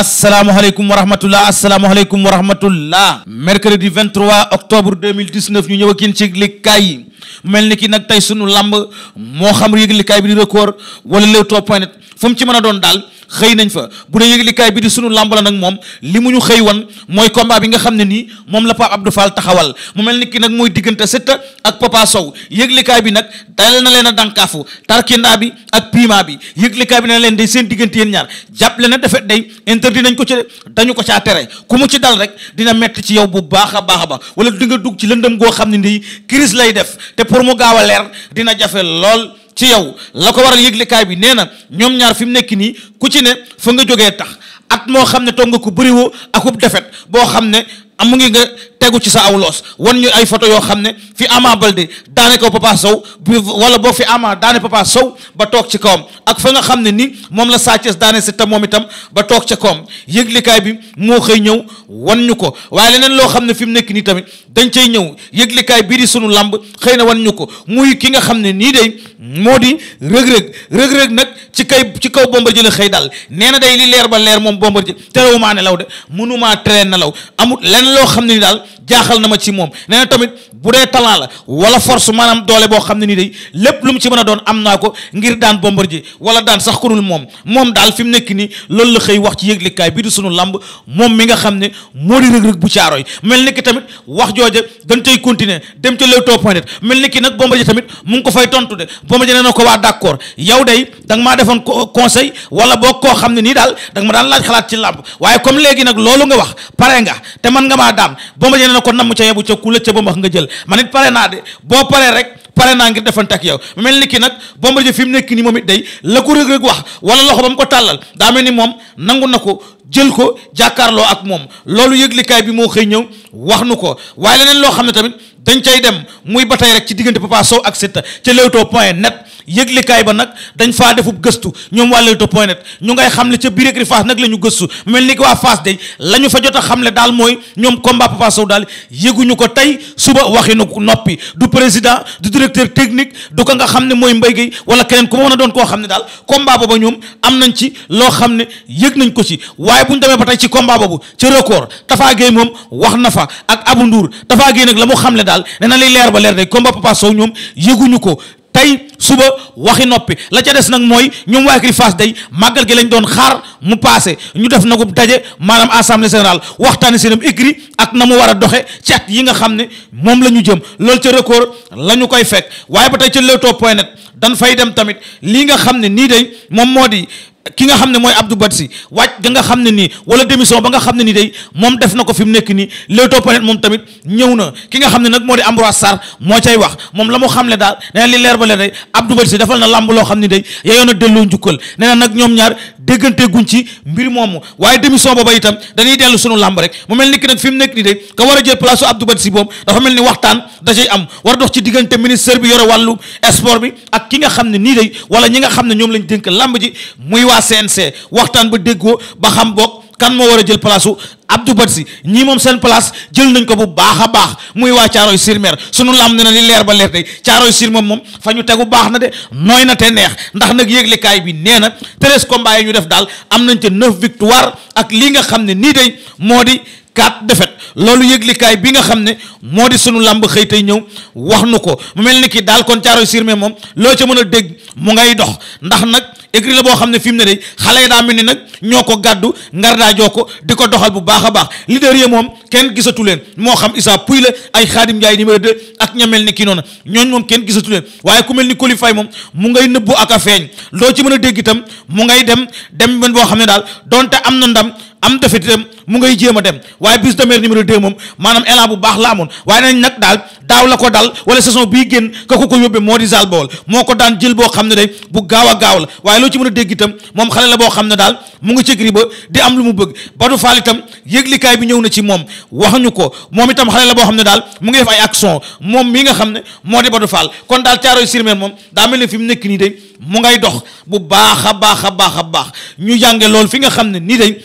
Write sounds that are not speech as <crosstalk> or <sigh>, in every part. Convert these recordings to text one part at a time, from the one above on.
asalaamaaleykum wa rahmatullah asalaamaaleykum wa rahmatullah mercredi 23 octobre 2019 ñu ñëw ak yéen ci yëglikaay yi mel ni ki nag tey sunu làmb moo xam yëglikaay bi di record wala Leewtoo point net fu mu ci mën a doon daal xëy nañ fa bu dee yëglikaay bi di sunu làmb la nag moom li mu ñu xëy wan mooy combat bi nga xam ne nii moom la Pape Abdou Fall taxawal mu mel ni kii nag mooy diggante Siteu ak Papa Sow yëglikaay bi nag dalal na leen a dànkaafu tarkindaa bi ak piment bi yëglikaay bi na leen day seen diggante yéen ñaar jàppale na defet day interdit nañ ko ci dañu ko ca tere ku mu ci dal rek dina metti ci yow bu baax a baax ba wala di nga dugg ci lëndëm goo xam ne nii crise lay def te pour mu gaaw a dina jafe lool ci yow la ko waral yëglekaay bi nee na ñoom ñaar fi mu nekk nii ku ci ne fa nga jógee tax at moo xam ne toog nga ko bëriwoo akub defet boo xam ne amu ngi nga tegu ci sa awloos wan ñu ay photo yoo xam ne fi Ama Baldé daane ko Sow bu wala boo fi Ama daane Papa Sow ba toog ci kawam ak fa nga xam ne ni moom la Sa Thiès daane Siteu moom itam ba toog ca kawam yëglikaay bi moo xëy ñëw wan ko waaye leneen loo xam ne fi mu nekk nii tamit dañ cay ñëw yëglekaay bii di sunu làmb xëy na wan ñu ko muy ki nga xam ne nii day moo di rëg-rëg rëg-rëg nag ci kay ci kaw Bombardier la xëy daal nee na day li leer ba leer moom Bombardier terewumaa nelaw de mënuma teree nelaw amul lenn loo xam ne ni daal jaaxal na ma ci moom nee na tamit bu dee talent la wala force maanaam doole boo xam ne nii day lépp lu mu ci mën a doon am naa ko ngir daan bombar ji wala daan sax ku dul moom moom daal fi mu nekk nii loolu la xëy wax ci yëglikaay bii di sunu làmb moom mi nga xam ne moo di rëg-rëg bu caaroy mel ni ki tamit wax jooja dañ cay continuer dem ca Leewtoo point mel ni ki nag Bombardier tamit mu ngi ko fay tontu de Bombardier nee na ko waa d'accord yow day da nga maa defoon conseil wala boo koo xam ne nii daal da ma daan laaj xalaat ci làmb waaye comme léegi nag loolu nga wax pare nga te man nga maa daan Bombardier nee na ko namm ca yebu ca ku la ca ba wax nga jël man it pare naa de boo paree rek pare naa ngir defante ak yow mel ni ki nag Bombardier fi mu nekk nii moom it dey la ko Reug Reug wax wala loxo ba mu ko tàllal daa mel ni moom nangu na ko jël ko jàkkaarloo ak moom loolu yëglikaay bi moo xëy ñëw wax nu ko waaye leneen loo xam ne tamit dañ cay dem muy ba tey rek ci diggante Papa Sow ak Siteu ca Leewtoo point net yëglekaay ba nag dañ faa defub gëstu ñoom waa Leewtoo point net ñu ngay xam ne ca biir écurie Fass nag la ñu gëstu mel ni ki waa Fass de la ñu fa jot a xam le daal mooy ñoom combat Papa Sow daal yëguñu ko tey suba waxi nu noppi du président du directeur technique du ko nga xam ne mooy Mbaye wala keneen ku ma mën doon koo xam ne daal combat booba ñoom am nañ ci loo xam ne yëg nañ ko ci waaye bu ñu demee ba tey ci combat boobu ci record Tafa moom wax na fa ak Abou Ndour Tafa Guèye nag la mu xam le daal nee na leer ba leer day combat Papa Sow ñoom yëguñu ko tey suba waxi noppi la ca des nag mooy ñoom waa écurie day màggal gi lañ doon xaar mu passé ñu def nagu daje maanaam assemblée générale waxtaani seenam écurie ak na mu war a doxe ci yi nga xam ne moom la ñu jëm loolu ca record la ñu koy fekk waaye ba tey ca leewtoo point net dan fay dem tamit lii nga xam ne nii day moom moo di ki nga xam ne mooy Abdou Badji wàcc ga nga xam ne nii wala démission ba nga xam ne nii day moom def na ko fi mu nekk nii Leewtoo Planète moom tamit ñëw na ki xam ne nag moo di Ambroise Sarr moo cay defal na làmb loo xam ne day yeyoon a delloo njukkal nee na nag ñoom ñaar déggante guñ ci mbir moomu waaye démission ba itam dañuy dellu sunu làmb rek mu mel ni ki nag fi mu nekk nii day ka war a jël place Abdou Badji boobu dafa mel ni waxtaan da cay am war a dox ci diggante ministère bi yore wàllu sport bi ak ki nga xam ne nii day wala ñi nga xam ne ñoom lañ dénk làmb ji muy waa CNC waxtaan ba déggoo ba xam boog kan moo war a jël place u Abdou Badji ñii moom seen place jël nañ ko bu baax a baax muy waa Caaroy sur Mer sunu lam ne na li leer ba leer day Caaroy sur moom moom fa ñu tegu baax na de nooy na te neex ndax nag yëglekaay bi nee na treize combats ñu def daal am nañ ca neuf victoire ak li nga xam ne nii day moo di quatre defet loolu yëglikaay bi nga xam ne moo di sunu làmb xëy tey ñëw wax nu ko mu mel ni kii daal kon caaroy sirme moom loo ca mën a dégg mu écrit la boo xam ne fi mu ne de xale yi daa mel ni nag ñoo ko gàddu ngar daa joo ko di ko doxal bu baax a baax leader yi moom kenn gisatu leen moo xam Issa puy la ay Khadim Ndiaye ma de ak ña mel ni kii noonu ñooñ moom kenn gisatu leen waaye ku mel ni qualifié moom mu ngay nëbbu ak a feeñ loo ci mën a dégg itam mu ngay dem dem benn boo xam ne daal donte am na ndam am defet itam mu ngay jéem a dem waaye Brise de Mer numéro moom maanaam élan bu baax la amoon waaye nañ nag daal daaw la ko dal wala saison bii génn ka ko ko yóbbee moo di Zal Baol moo ko daan jël boo xam ne day bu gaaw a la waaye loo ci mën a dégg itam moom xale la boo xam ne daal mu ngi cëgri ba di am lu mu bëgg Badou Fall itam yëglikaay bi ñëw na ci moom waxuñu ko moom itam xale la boo xam ne daal mu ngi def ay action moom mi nga xam ne moo di Badou Fall kon daal Thiaroye sur Mer moom daa mel ne fi mu nekk nii day mu ngay dox bu baax a baax a baax a baax ñu jànge loolu fi nga xam ne nii day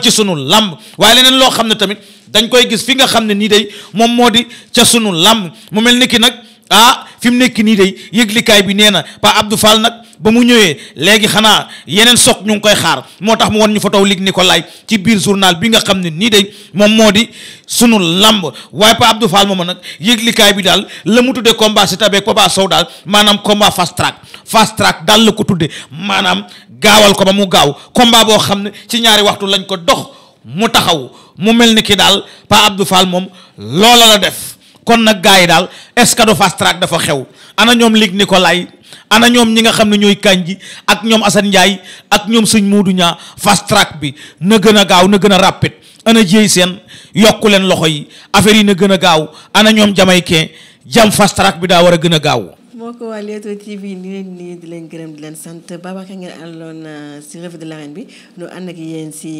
ci sunu làmb waaye leneen loo xam ne tamit dañ koy gis fi nga xam ne nii day moom moo di ca sunu làmb mu mel ni ki nag ah fi mu nekk nii day yëglikaay bi nee na Pa Abdou Fall nag ba mu ñëwee léegi xanaa yeneen soog ñu ngi koy xaar moo tax mu won ñu photo Luc Nicolaï ci biir journal bi nga xam ne nii day moom moo di sunu lamb waaye Pa Abdou Fall mooma nag yëglikaay bi daal la mu tuddee combat si tabeeg Papa Sow daal maanaam combat fast track fast track daal la ko tuddee maanaam gaawal ko ba mu gaaw combat boo xam ne ci ñaari waxtu lañ ko dox mu taxaw mu mel ni ki daal Pa Abdou Fall moom loola la def kon nag gars yi daal est-ce que du fast dafa xew ana ñoom lig Nicolay ana ñoom ñi nga xam ne ñooy Kandji ak ñoom Assane Ndiaye ak ñoom suñ Moodu ñaa fast bi na gën a gaaw na gën a rapide ana jéey seen yokk leen loxo yi affaire yi na gën a gaaw ana ñoom jamaïcain jam fast track bi daa war a gën a gaaw moo ko waa Leewtoo TV ni leen nii di leen gërëm di leen sant Babacar ngeen àndoon euh, si revue de l'arène bi nu ànd ak yéen si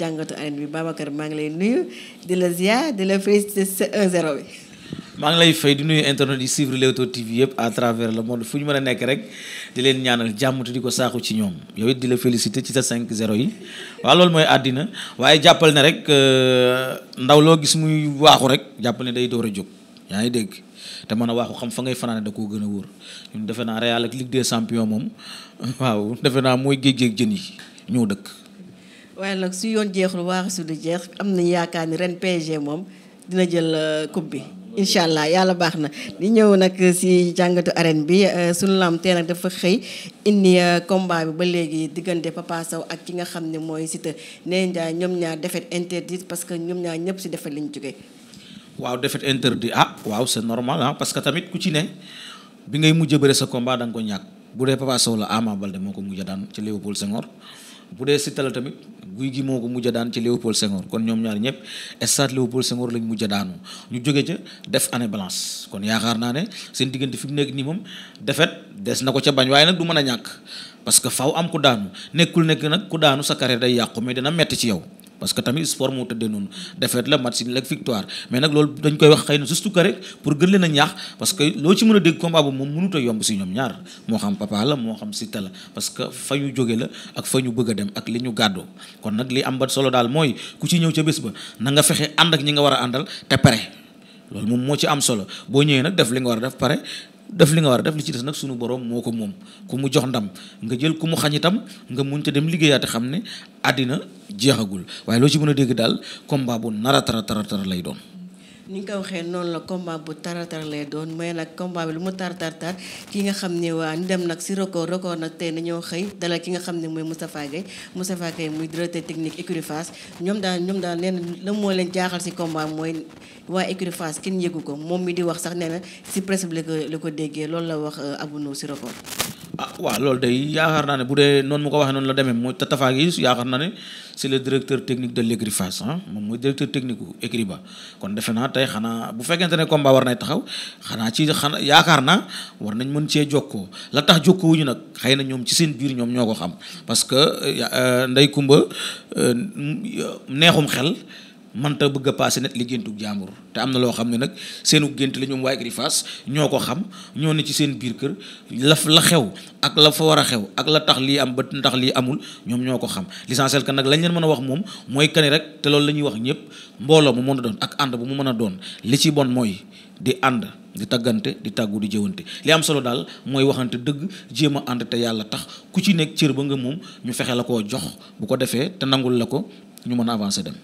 jàngatu arène bi Babacar maa ngi lay nuyu di la ziar di la félicité sa 1-0 bi. maa ngi lay fay di nuyu internet yi suivre Leewtoo TV yëpp à travers le monde fu ñu mën a nekk rek di leen ñaanal jàmm te di ko saaxu ci ñoom yow it di la félicité ci sa cinq 0 yi waaw loolu mooy àddina waaye jàppal na rek euh, ndaw loo gis muy waaxu rek jàppal day door a jóg. yaa ngi dégg te mën a waaxu xam fa ngay fanaane da koo gën a wóor defe naa Real ak Ligue des champions moom <laughs> waaw defe naa mooy géej géej jën yi ñoo dëkk. waaye nag su yoon jeexul waaxu su du jeex am na yaakaar ni ren PSG moom dina jël euh, coupe bi. incha allah yàlla baax na di ñëw nag si jàngatu arène bi euh, suñu lam tee nag dafa xëy indi euh, combat bi ba léegi diggante Papa ak ki nga xam ne mooy Siteu nee ñoom ñaar defet interdite parce que ñoom ñaa ñëpp si defet lañ jógee waaw défaite interdit ah waaw c'est normal ah parce que tamit ku ci ne bi ngay mujj bëre sa combat da ko ñàkk bu dee Papa Sow la Ama Baldé moo ko mujj daan ci Léopold Senghor bu dee Siteu la tamit guy gi moo ko mujj daan ci Léopold Senghor kon ñoom ñaar ñëpp stade Léopold Senghor lañ mujj daanu ñu jóge ca def année balance kon yaakaar naa ne seen diggante fi mu nekk nii moom defet des na ko ca bañ waaye nag du mën a ñàkk parce que faw am ku daanu nekkul nekk nag ku daanu sa carrière day yàqu mais dana metti ci yow. parce que tamit sport moo tëddee noonu défaite la match nul ak victoire mais nag loolu dañ koy wax xëy na juste que rek pour gën leen a ñaax parce que loo ci mën a dégg combat boobu moom mënut a yomb si ñoom ñaar moo xam papa la moo xam Siteu la parce que fa ñu jóge la ak fa ñu bëgg a dem ak li ñu gàddoo kon nag li am ba solo daal mooy ku ci ñëw ca bés ba na nga fexe ànd ak ñi nga war a àndal te pare loolu moom moo ci am solo boo ñëwee nag def li nga war a def def li nga war a def li ci des nag sunu borom moo ko moom ku mu jox ndam nga jël ku mu xañ itam nga muñ te dem liggéeyaate xam ne àddina jeexagul waaye loo ci mun a dégg daal combat bu nara tara tara tara lay doon ni nga ko waxee noonu la combat bu taratar lay doon mais nag combat lu ma tar tar tar ki nga xam ne waa ñu dem nag si record record nag tey dañoo xëy dalal ki nga xam ne mooy Moustapha Gueye Moustapha Gueye muy directeur technique écurie Fass ñoom daal ñoom daan nee na la moo leen jaaxal si combat mooy waa écurie Fass kenn yëgu ko moom mi di wax sax nee na si presse bi la ko la ko déggee loolu la wax euh, Abou Nour si record ah waaw loolu day yaakaar naa ne bu dee noonu mu ko waxee noonu la demee mooy Tafa gi yaakaar naa ne c'est le directeur technique de l'écurie Fass ah, moom mooy directeur technique gu écurie ba kon defe naa tey xanaa bu fekkente ne ba war nay taxaw xanaa ci xanaa yaakaar naa war nañ mën cee jokkoo la tax jokkoowuñu nag xëy na ñoom ci seen biir ñoom ñoo ko xam parce que euh, euh, Ndey Kumba euh, neexum xel mënta bëgg a passé net li géntug jaambur te am na loo xam ne nag seenu gént la ñoom waa Grifaas ñoo ko xam ñoo ne ci seen biir kër laf la xew ak la fa war a xew ak la tax lii am ba ndax lii amul ñoom ñoo ko xam l'essentiel que nag lañ leen mën a wax moom mooy kani rek te loolu la ñuy wax ñëpp mbooloo mu mën a doon ak ànd bu mu mën a doon li ci bon mooy di ànd di taggante di tàggu di jëwante li am solo daal mooy waxante dëgg jéem a ànd te yàlla tax ku ci nekk cër ba nga moom ñu fexe la koo jox bu ko defee te nangul la ko ñu mën a avancer dem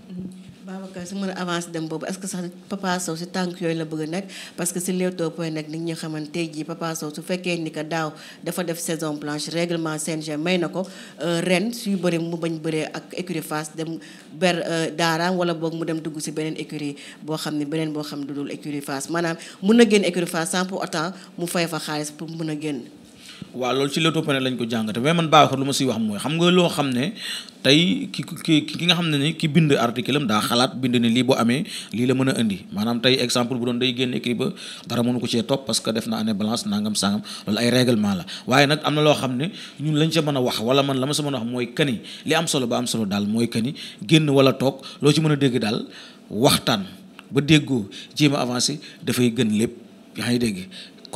donc su mën a avancer dem boobu est-ce que sax Papa Sow si tànk yooyu la bëgg a nekk parce que si Leewtoo point nag nit ñi xamante tey jii Papa Sow su fekkee ni que daaw dafa def saison blanche réglement CNG may na ko euh, ren suy bëri mu bañ bëree ak écurie Fass dem ber euh, daaraam wala boog mu dem dugg si beneen écurie boo xam ne beneen boo xam ne du dul écurie Fass maanaam mun na génn écurie Fass sans pour mu fay fa xaalis pour mun a génn waaw loolu ci l'auto-preneur lañ ko jàngate mais man baax lu ma siy wax mooy xam nga loo xam ne tey ki ki ki nga xam ne ni ki bind article am daa xalaat bind ne lii boo amee lii la mën a indi maanaam tey exemple bu doon day génn écrit ba dara mënu ko ee topp parce que def na année balance nangam sangam loolu ay réglement la waaye nag am na loo xam ne ñun lañ ca mën a wax wala man la ma sa mën a wax mooy kani li am solo ba am solo daal mooy kani génn wala toog loo ci mën a dégg daal waxtaan ba déggoo jéem a avancé dafay gën lépp yaa ngi dégg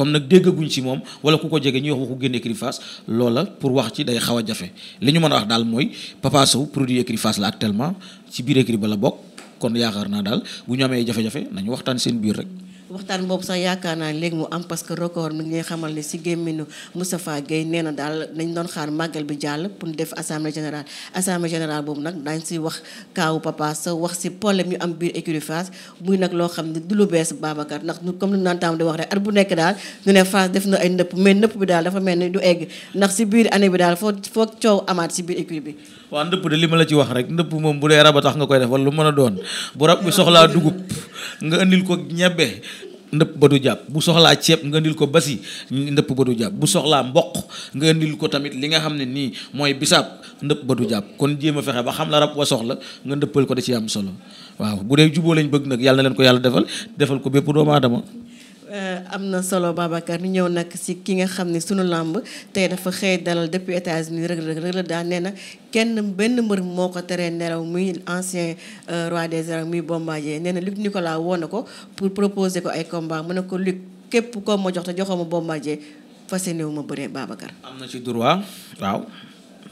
comme nag déggaguñ ci moom wala ku ko jege ñuy wax waxu génn écurie loola pour wax ci day xaw a jafe li ñu mën a wax daal mooy Papa Sow produit écurie la actuellement ci biir écurie ba la bokk kon yaakaar naa daal bu ñu amee jafe-jafe nañu waxtaan seen biir rek waxtaan boobu sax yaakaar naa léegi mu am parce que record mi ngi xamal ne si gémminu Moustapha Gueye nee na daal nañ doon xaar màggal bi jàll pour ñu def assemblée générale assemblée générale boobu nag daañ si wax kaawu papa sa wax si problème yu am biir écurie Fass muy nag loo xam ne du lu bees Babacar ndax ñu comme lu naan taam di wax rek at bu nekk daal ñu ne Fass def na ay nëpp mais nëpp bi daal dafa mel ni du egg ndax si biir année bi daal foo foo coow amaat si biir écurie bi waa ndëpp de li ma la ci wax rek ndëpp moom bu dee raba tax nga koy def lu mën a doon bu rab bi soxlaa dugub nga indil ko ñebbe ndëpp ba du jàpp bu soxlaa ceeb nga indil ko basi ndëpp ba du jàpp bu soxlaa mboq nga indil ko tamit li nga xam ne nii mooy bisaab ndëpp ba du jàpp kon jéem a fexe ba xam la rab wa soxla nga ndëppal ko da ci am solo waaw bu dee juboo lañ bëgg nag yàlla na leen ko yàlla defal defal ko bépp doomu aadama Euh, am na solo Babacar ñu ñëw nag si ki nga xam ne sunu làmb tey dafa xëy dalal depuis États-Unis Reug Reug Reug la daan kenn benn mbër moo ko teree nelaw muy ancien euh, roi des arènes muy Bombardier nee na ni ko laa na ko pour proposer ko ay combat mu ne ko Luc képp koo ma jox te joxoo ma Bombardier fas yéene ma bëree Babacar. am na ci droit waaw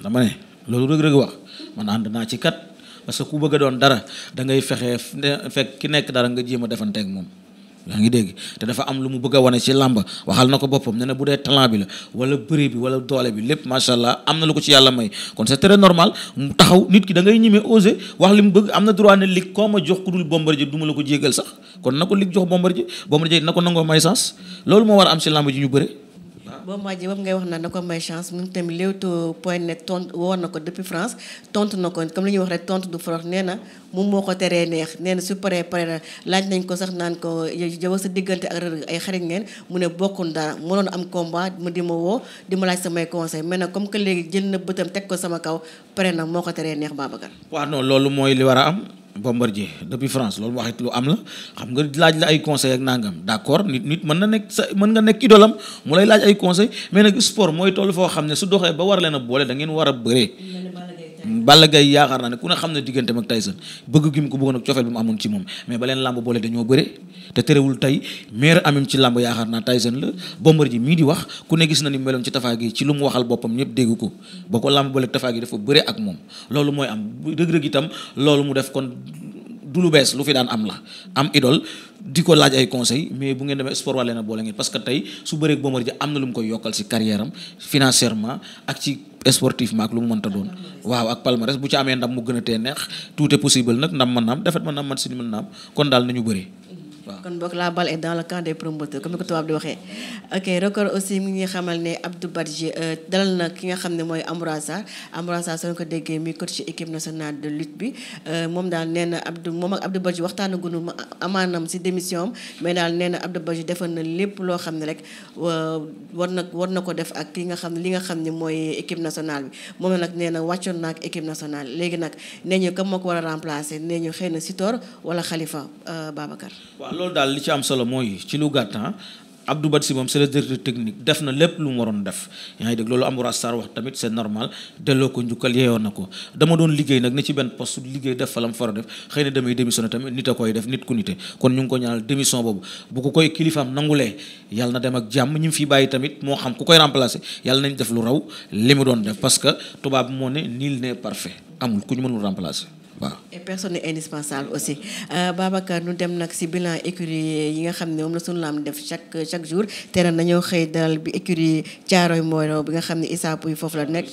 dama ne loolu Reug Reug wax man ànd naa ci kat parce que ku bëgg a doon dara da ngay fexe fekk ki nekk dara nga jéem a defanteeg moom. yaa ngi dégg te dafa am lu mu bëgg a wane si làmb waxal na ko boppam ne na bu dee talent bi la wala bëri bi wala doole bi lépp macha allah am na lu ko ci yàlla may kon c'est très normal mu taxaw nit ki da ngay ñime osé wax li mu bëgg am na droit ne lig koo ma jox ku dul Bombardier du la ko jéggal sax kon na ko lig jox Bombardier Bombardier na ko nangoo may sens loolu moo war a am si làmb ji ñu bëre boobu maa jëbam ngay wax naan na ko may chance moom tamit Leewtoo point net tontu woo na ko depuis France tontu na ko comme li wax rek tontu du forox nee na moom na laaj nañ ko sax naan ko yow sa diggante ak Reug ay xarit ngeen mu ne bokkun dara mënoon am combat mu di ma woo di ma laaj samay conseil mais nag comme que léegi jël na bëtam teg ko sama kaw pare na moo ko teree neex Babacar waaw non loolu mooy li war a am Bombardier depuis France loolu waxit lu am la xam nga laaj la ay conseil ak nangam d'accord nit nit mën na nekk sa mën nga nekk idolam mu lay laaj ay conseil mais nag sport mooy toll foo xam ne su doxee ba war leen a boole da ngeen war a bëree Balla Gaye yaakaar naa ne ku ne xam ne digganteem ak Tyson bëgg gi mu ko bëggoon cofeel bi mu amoon ci moom mais ba leen làmb boole dañoo bëre te terewul tey meilleur amim ci làmb yaakaar naa Tyson la Bombardier ji mii di wax ku ne gis na ni meloon ci Tapha Gueye ci lu mu waxal boppam ñëpp dégg ko ba ko làmb boole Tapha Gueye dafa bëre ak moom loolu mooy am Reug Reug itam loolu mu def kon du lu bees lu fi daan am la am idole di ko laaj ay conseil mais bu ngeen demee sport wàlle na boole ngeen parce que tey su bëree ak Bombardier am na lu mu koy yokkal si carrière am financièrement ak ci sportivement ak lu mu mënta doon waaw ak palmarès bu ci amee ndam mu gën a tee neex tout est possible nag ndam mën na am defet mën na am man si mën na kon daal nañu bëree kon boog la balle est dans le camp des promoteurs comme ni ko tubaab di waxee. ok record aussi mi ngi xamal ne Abdou Badji euh, dalal na ki nga xam ne mooy Amoura Sarr Amoura soo ko déggee mi coach ci équipe nationale de lutte bi euh, moom daal nee na Abdou moom ak Abdou ma waxtaanagunu amaanam si démission am mais daal nee na Abdou Badji defoon na lépp loo xam ne rek euh, war na war na ko def ak ki nga xam ne li nga xam ni mooy équipe nationale bi moom nag nee na wàccoon na ak équipe nationale léegi nee ñu kam moo ko war a remplacer nee ñu xëy na Sitor wala Khalifa Babacar. loolu daal li ci am solo mooy ci lu gàtt ah, Abdou Badji moom c'est le technique def na lépp lu mu waroon def yaa ngi dégg loolu Amoura Sarr wax tamit c'est normal delloo ko njukkal yeewoon na ko dama doon liggéey nag ne ci benn poste liggéey def fa la mu fara def xëy na damay tamit nit a koy def nit ku nite kon ñu ngi ko ñaanal démission boobu bu ko koy kilifaam nangulee yàlla na dem ak jàmm ñi fi bàyyi tamit moo xam ku koy remplacer yàlla nañ def lu raw li mu doon def parce que tubaab moo ne nul n'est parfait amul ku ñu mënul remplacer waaw et personne indispensable aussi euh, Babacar nu dem nag si bilan écurie yi nga xam ne moom la sunu laam def chaque chaque jour tere nañoo xëy dalal bi écurie Caaroy Mbooloo bi nga xam ne Issa Pouye foofu la nekk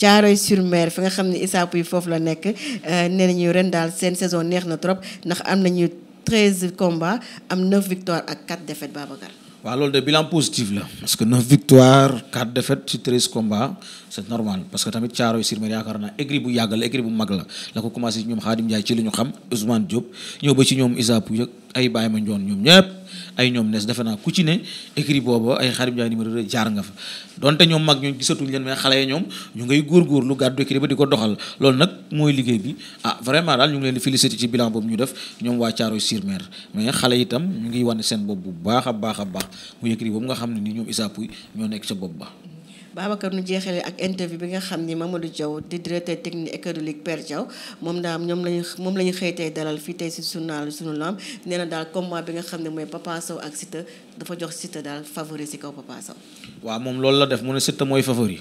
Caaroy sur mer fi nga xam ne Issa Pouye foofu la nekk euh, nee nañu ren daal seen saison neex na trop ndax am nañu treize combats am neuf victoires ak quatre défaites Babacar waaw loolu de bilan positif la parce que neuf victoires quatre défaites ci treize combats c'est normal parce que tamit caaro sur mer yaakaar naa écurie bu yàgg la écurie bu mag la la ko commencé ci ñoom Khadim Ndiaye ci li ñu xam Ousmane Diop ñëw ba ci ñoom Issa Pouye ay Baye Mandione ñoom ñëpp ay ñoom nees defe naa ku ci ne écrit booba ay xarit jaay numéro jaar nga fa donte ñoom mag ñoom gisatuñ leen mais xale yi ñoom ñu ngay góor lu gàddu écrit ba di ko doxal loolu nag mooy liggéey bi ah vraiment daal ñu ngi leen di ci bilan boobu ñu def ñoom waa Thiaroye sur Mer mais xale itam ñu ngi wane seen bopp bu baax a baax a baax mu écrit boobu nga xam ne ni ñoom Issa ñoo nekk ca bopp ba Babacar nu jeexale ak interview bi nga xam ni Mamadou Diaw di directeur technique économique Père Diaw moom daal ñoom lañu moom la ñu xëy tey dalal fii tey si journal suñu lamb nee na daal commement bi nga xam ne mooy Papa Sow ak Siteu dafa jox Siteu daal favori si kaw Papa Sow. moom loolu la def mu ne Siteu mooy favori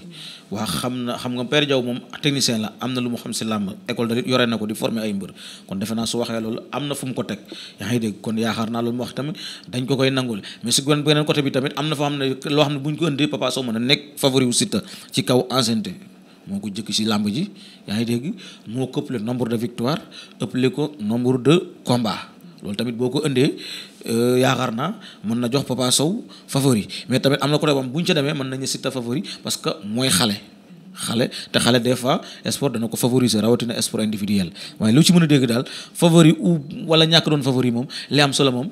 waa xam na xam nga Père Diaw moom technicien la am na lu mu xam si làmb école de yore na ko di former ay mbër kon defe naa su waxee loolu am na fu mu ko teg yaa ngi dégg kon yaakaar naa loolu mu wax tamit dañ ko koy nangul mais si beneen côté bi tamit na foo xam ne loo ne bu ñu ko ëndee Papa Sow mën a nekk favori wu Siteu kaw enceinte moo ko jëkk si làmb ji yaa ngi dégg moo ko ëpple nombre de victoire ëpple ko nombre de combat loolu tamit boo ko ëndee Euh, yaakaar na mën na jox Papa Sow favori mais tamit am na côté boobu bu ñu ca demee mën nañu Siteu favori parce que mooy xale. xale te xale des fois sport dana ko favoriser rawatina sport individuel waaye lu ci mën a dégg daal favori ou wala ñàkk doon favori moom li am solo moom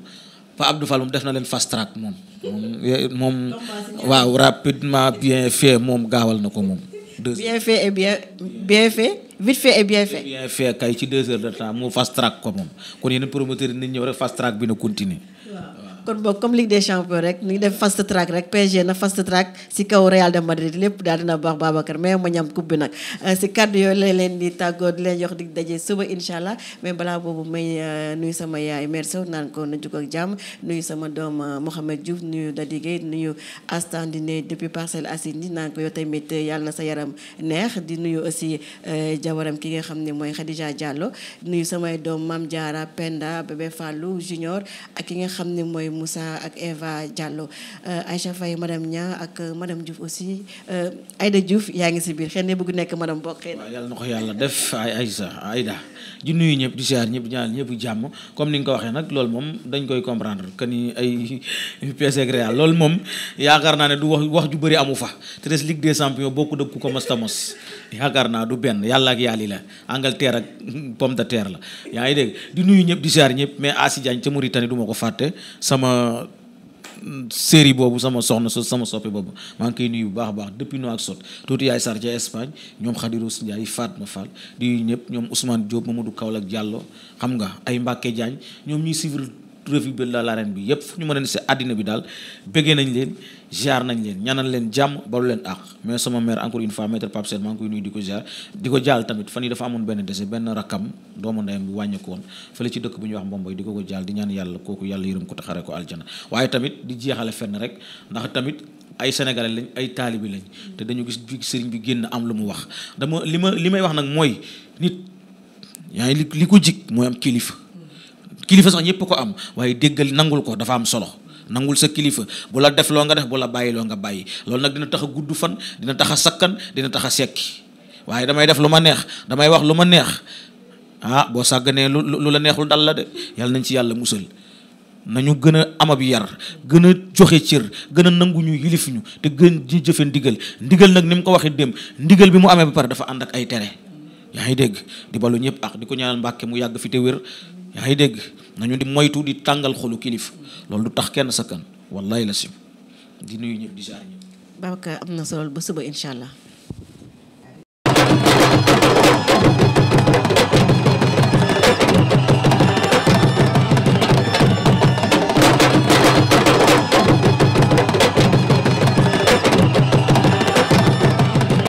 Pa Abdou Fall moom def na leen fast track moom moom waaw rapidement bien fait moom gaawal na ko moom deux bien fait et bien bien fait vite fait et ci deux heures de temps fas fast track ko moom kon yeneen promoteurs yi nañ rek fast track bi na continuer. kon boog comme Ligue des champions rek ni def fast track rek PSG na fast track si kaw Real de Madrid lépp daal dina baax Babacar euh, leen di tàggoo di leen jox dig daje suba incha boobu may euh, nuyu sama yaay mère naan ko na jug ak jàmm nuyu sama doom euh, Mohamed Diouf nuyu Dadi Gueye nuyu Astan di ne depuis Parcelles Assainies naan ko yow tamit yàlla na sa yaram neex di nuyu aussi jabaram ki nga xam ne mooy Khadija Diallo nuyu samay doom Mame Diarra Penda Bébé Fallou Junior ak ki nga xam ne mooy Moussa ak Eva Diallo euh, Aïcha Faye madame Nia ak euh, madame Diouf aussi euh, Aïda Diouf yaa ngi si biir xëy na bëgg nekk madame Bokk xëy na. waaw yàlla na ko yàlla def ay Aïcha ni nga ko waxee nag loolu moom dañ koy comprendre que ni ay <laughs> PSG Real loolu moom yaakaar ne du wax wax ju bëri amu fa te des Ligue des champions bokku dëkk ku ko mos du benn yàlla ak yàlli la Angleterre ak <laughs> pomme de la yaa ngi dégg di nuyu ñëpp di siyaar ñëpp mais Asi ca Mauritanie du ma ko fàtte sama sama série boobu sama soxna so sama soppe boobu maa ngi koy nuyu bu baax a baax depuis noo ak sot tuuti yaay sar ca Espagne ñoom Khadiros Ndiaye Fatma Fall di ñëpp ñoom ma Diop Mamadou Kaolack Diallo xam nga ay Mbacke Diagne ñoom ñuy suivre revue bi la l'arène bi yëpp fu ñu mën ne si àddina bi daal bëggee nañ leen ziar nañ leen ñaanal leen jàmm balu leen àq mais sama mère encore une fois maître Pape Sène maa di ko ziar di ko jaal tamit fa yi dafa amoon benn dese benn rakkam doomu ndeyam bi wàññeeku woon fële ci dëkk bu ñuy wax Mbomboy di ko ko jaal di ñaan yàlla kooku yàlla yërëm ko taxare ko aljana waaye tamit di jeexale fenn rek ndax tamit ay sénégalais lañ ay taalibi lañ te dañu gis bi sëriñ bi génn am lu mu wax dama li ma li may wax nag mooy nit yaa ngi li ko jig moo am kilifa kilifa sax ñëpp ko am waaye déggal nangul ko dafa am solo nangul sa kilifa bu la def loo nga def bu la bàyyi loo nga bàyyi loolu nag dina tax a gudd fan dina tax a sakkan dina tax a sekki waaye damay def lu ma neex damay wax lu ma neex ah boo sàgganee lu lu la neexul dal la de yàlla nañ ci yàlla musal nañu gën a amab yar gën a joxe cër gën a nanguñu yilif ñu te gën di jëfe ndigal ndigal nag ni mu ko waxee dem ndigal bi mu amee ba pare dafa ànd ak ay tere yaa ngi dégg di balu ñëpp ak di ko ñaanal mbàkke mu yàgg fi te yaa dégg nañu di moytu di tàngal xolu kilifa lool du tax kenn sakkan wallahi la sim di nuyu ñëpp di jaar ñëpp. Babacar am na solo ba suba incha allah.